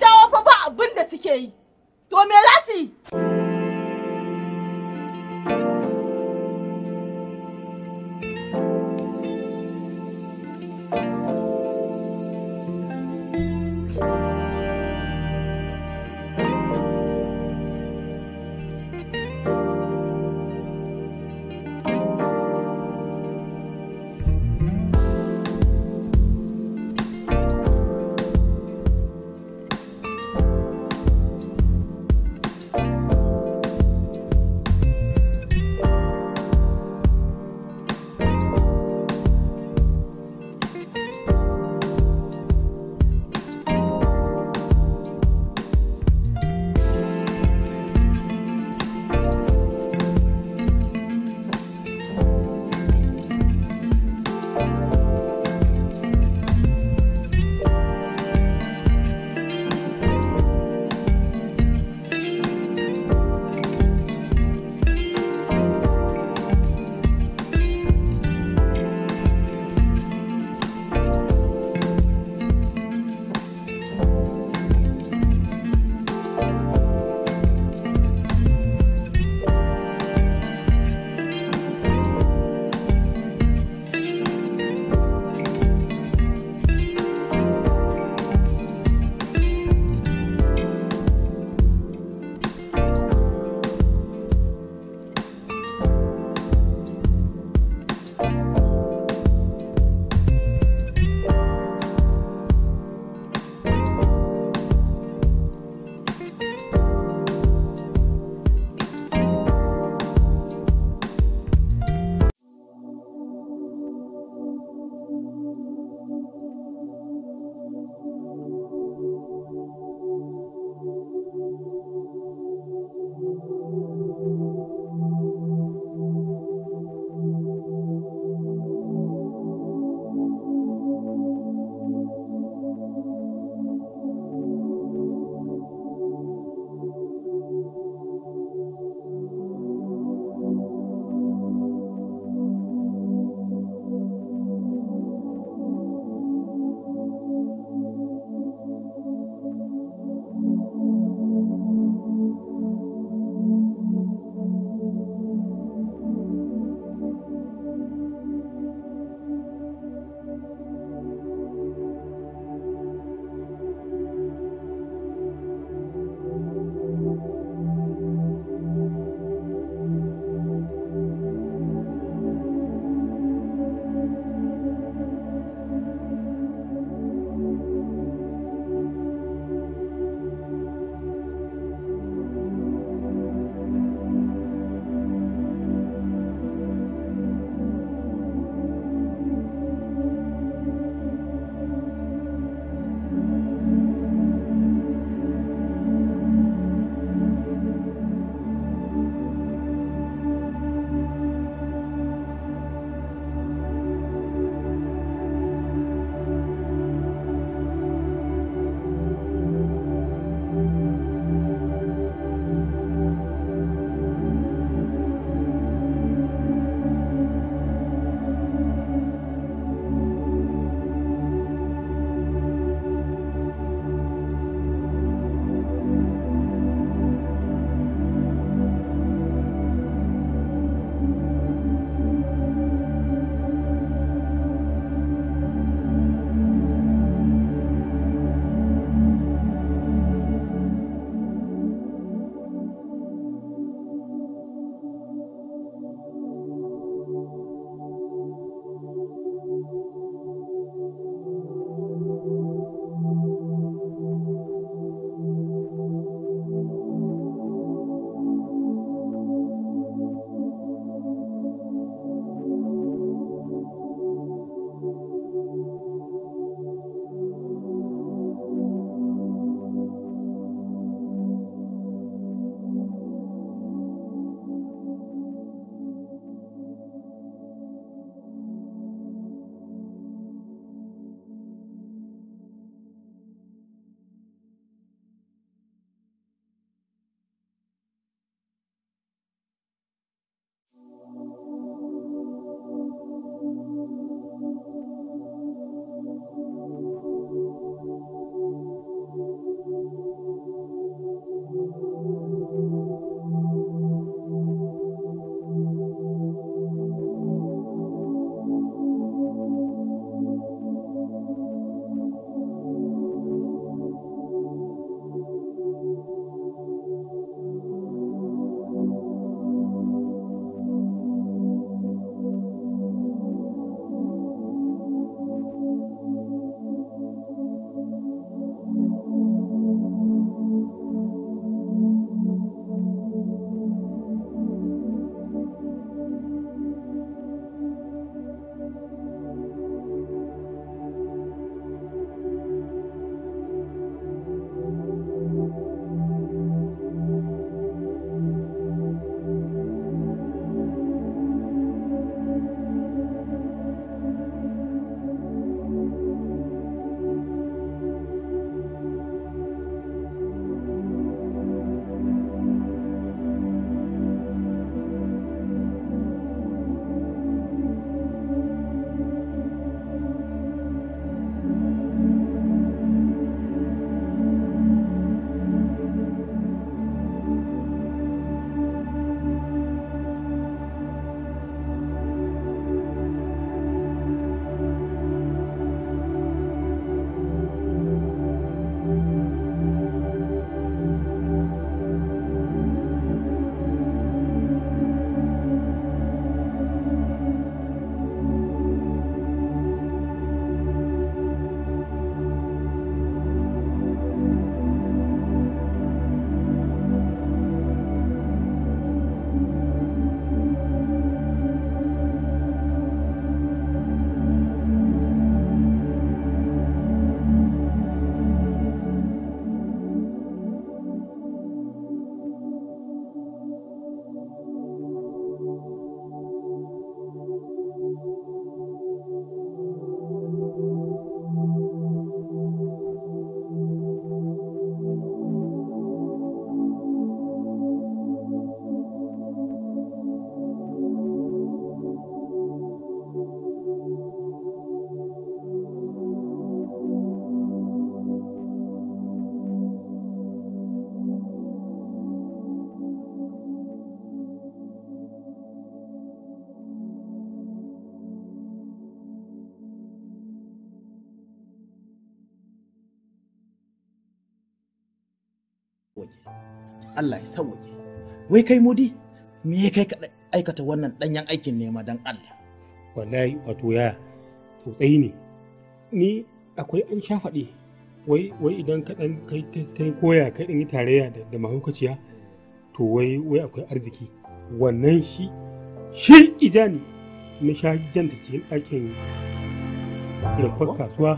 dawo fa ba abin da suke yi. To me za su waje Allah ya sauwaje wai kai mudi me ya kai ka aikata wannan danyen aikin nema don Allah wallahi wato ya tsautsayi ne ni akwai an sha faɗi wai wai idan ka dan kai kai koya kai dan yi tarayya da mahaukaciya to wai wai akwai arziki wannan shi shi ijani na sha janta cikin ɗakin rumfar kasuwa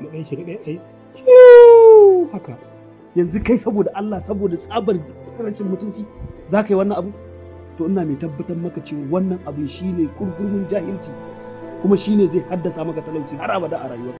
na ɗan shiga ɗaya haka yanzu kai saboda Allah saboda tsabar rashin mutunci za ka yi wannan abu to ina mai tabbatar maka cewa wannan abu shine kurkurmin jahilci kuma shi shine zai haddasa maka talauci har abada a rayuwa